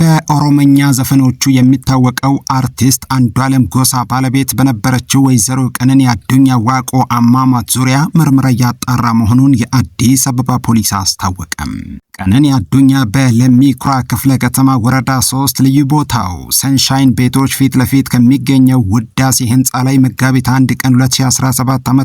በኦሮመኛ ዘፈኖቹ የሚታወቀው አርቲስት አንዷለም ጎሳ ባለቤት በነበረችው ወይዘሮ ቀነኒ አዱኛ ዋቆ አሟሟት ዙሪያ ምርመራ እያጣራ መሆኑን የአዲስ አበባ ፖሊስ አስታወቀም። ቀነኒ አዱኛ በለሚ ኩራ ክፍለ ከተማ ወረዳ ሶስት ልዩ ቦታው ሰንሻይን ቤቶች ፊት ለፊት ከሚገኘው ውዳሴ ህንፃ ላይ መጋቢት አንድ ቀን 2017 ዓ ም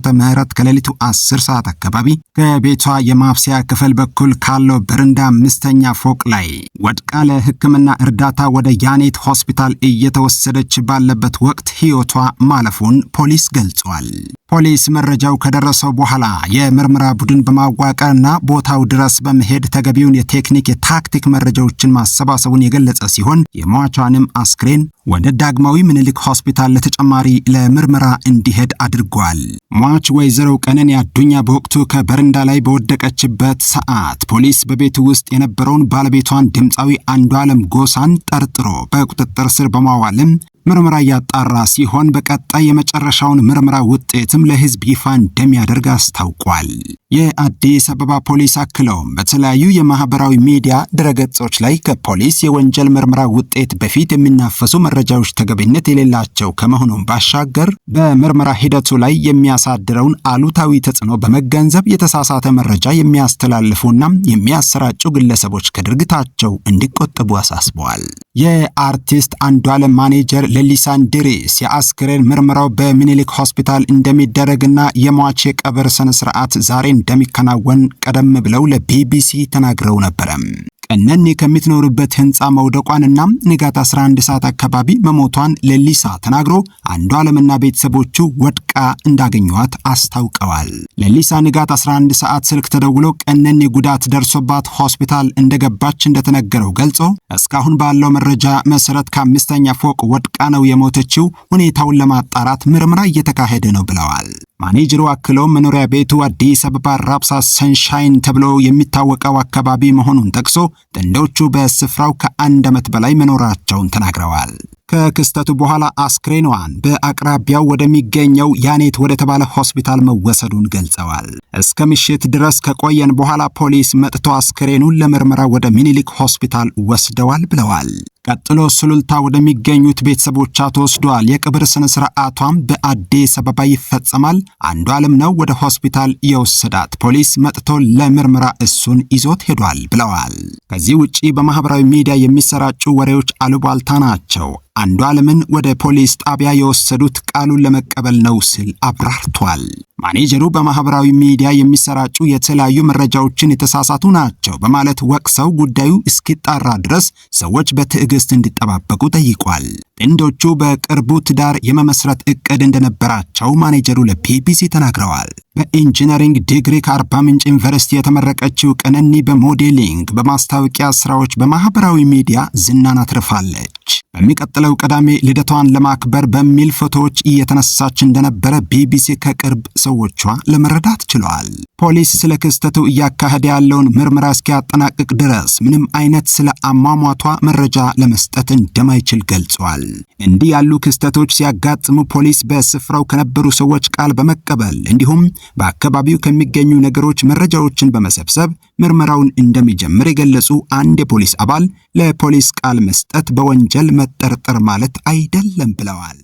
ከሌሊቱ 10 ሰዓት አካባቢ ከቤቷ የማብሰያ ክፍል በኩል ካለው በርንዳ አምስተኛ ፎቅ ላይ ወድቃ ለህክምና እርዳታ ወደ ያኔት ሆስፒታል እየተወሰደች ባለበት ወቅት ሕይወቷ ማለፉን ፖሊስ ገልጿል። ፖሊስ መረጃው ከደረሰው በኋላ የምርመራ ቡድን በማዋቀርና ቦታው ድረስ በመሄድ ተገቢውን የቴክኒክ የታክቲክ መረጃዎችን ማሰባሰቡን የገለጸ ሲሆን የሟቿንም አስክሬን ወደ ዳግማዊ ምኒልክ ሆስፒታል ለተጨማሪ ለምርመራ እንዲሄድ አድርጓል። ሟች ወይዘሮ ቀነኒ አዱኛ በወቅቱ ከበረንዳ ላይ በወደቀችበት ሰዓት ፖሊስ በቤቱ ውስጥ የነበረውን ባለቤቷን ድምፃዊ አንዷለም ጎሳን ጠርጥሮ በቁጥጥር ስር በማዋልም ምርመራ እያጣራ ሲሆን በቀጣይ የመጨረሻውን ምርመራ ውጤትም ለሕዝብ ይፋ እንደሚያደርግ አስታውቋል። የአዲስ አበባ ፖሊስ አክለውም በተለያዩ የማህበራዊ ሚዲያ ድረገጾች ላይ ከፖሊስ የወንጀል ምርመራ ውጤት በፊት የሚናፈሱ መረጃዎች ተገቢነት የሌላቸው ከመሆኑም ባሻገር በምርመራ ሂደቱ ላይ የሚያሳድረውን አሉታዊ ተጽዕኖ በመገንዘብ የተሳሳተ መረጃ የሚያስተላልፉና የሚያሰራጩ ግለሰቦች ከድርጊታቸው እንዲቆጠቡ አሳስበዋል። የአርቲስት አንዷለም ማኔጀር ለሊሳን ድሬስ የአስክሬን ምርመራው በሚኒሊክ ሆስፒታል እንደሚደረግና የሟች የቀብር ስነ ስርዓት ዛሬ እንደሚከናወን ቀደም ብለው ለቢቢሲ ተናግረው ነበረም። ቀነኔ ከምትኖርበት ህንፃ መውደቋንና ንጋት 11 ሰዓት አካባቢ መሞቷን ለሊሳ ተናግሮ አንዱ ዓለምና ቤተሰቦቹ ወድቃ እንዳገኟት አስታውቀዋል። ለሊሳ ንጋት 11 ሰዓት ስልክ ተደውሎ ቀነኔ ጉዳት ደርሶባት ሆስፒታል እንደገባች እንደተነገረው ገልጾ እስካሁን ባለው መረጃ መሰረት ከአምስተኛ ፎቅ ወድቃ ነው የሞተችው፣ ሁኔታውን ለማጣራት ምርምራ እየተካሄደ ነው ብለዋል። ማኔጀሩ አክሎ መኖሪያ ቤቱ አዲስ አበባ ራብሳ ሰንሻይን ተብሎ የሚታወቀው አካባቢ መሆኑን ጠቅሶ ጥንዶቹ በስፍራው ከአንድ ዓመት በላይ መኖራቸውን ተናግረዋል። ከክስተቱ በኋላ አስክሬኗን በአቅራቢያው ወደሚገኘው ያኔት ወደ ተባለ ሆስፒታል መወሰዱን ገልጸዋል። እስከ ምሽት ድረስ ከቆየን በኋላ ፖሊስ መጥቶ አስክሬኑን ለምርመራ ወደ ሚኒሊክ ሆስፒታል ወስደዋል ብለዋል። ቀጥሎ ሱሉልታ ወደሚገኙት ቤተሰቦቿ ተወስዷል። የቅብር ስነ ስርዓቷም በአዲስ አበባ ይፈጸማል። አንዱ ዓለም ነው ወደ ሆስፒታል የወሰዳት። ፖሊስ መጥቶ ለምርመራ እሱን ይዞት ሄዷል ብለዋል። ከዚህ ውጪ በማህበራዊ ሚዲያ የሚሰራጩ ወሬዎች አሉባልታ ናቸው። አንዱ ዓለምን ወደ ፖሊስ ጣቢያ የወሰዱት ቃሉን ለመቀበል ነው ሲል አብራርቷል። ማኔጀሩ በማህበራዊ ሚዲያ የሚሰራጩ የተለያዩ መረጃዎችን የተሳሳቱ ናቸው በማለት ወቅሰው ጉዳዩ እስኪጣራ ድረስ ሰዎች በትዕግስት እንዲጠባበቁ ጠይቋል። ጥንዶቹ በቅርቡ ትዳር የመመስረት እቅድ እንደነበራቸው ማኔጀሩ ለቢቢሲ ተናግረዋል። በኢንጂነሪንግ ዲግሪ ከአርባ ምንጭ ዩኒቨርሲቲ የተመረቀችው ቀነኒ በሞዴሊንግ፣ በማስታወቂያ ስራዎች በማህበራዊ ሚዲያ ዝናን አትርፋለች። በሚቀጥለው ቅዳሜ ልደቷን ለማክበር በሚል ፎቶዎች እየተነሳች እንደነበረ ቢቢሲ ከቅርብ ሰዎቿ ለመረዳት ችሏል። ፖሊስ ስለ ክስተቱ እያካሄደ ያለውን ምርመራ እስኪያጠናቅቅ ድረስ ምንም አይነት ስለ አሟሟቷ መረጃ ለመስጠት እንደማይችል ገልጿል። እንዲህ ያሉ ክስተቶች ሲያጋጥሙ ፖሊስ በስፍራው ከነበሩ ሰዎች ቃል በመቀበል እንዲሁም በአካባቢው ከሚገኙ ነገሮች መረጃዎችን በመሰብሰብ ምርመራውን እንደሚጀምር የገለጹ አንድ የፖሊስ አባል ለፖሊስ ቃል መስጠት በወንጀል መጠርጠር ማለት አይደለም ብለዋል።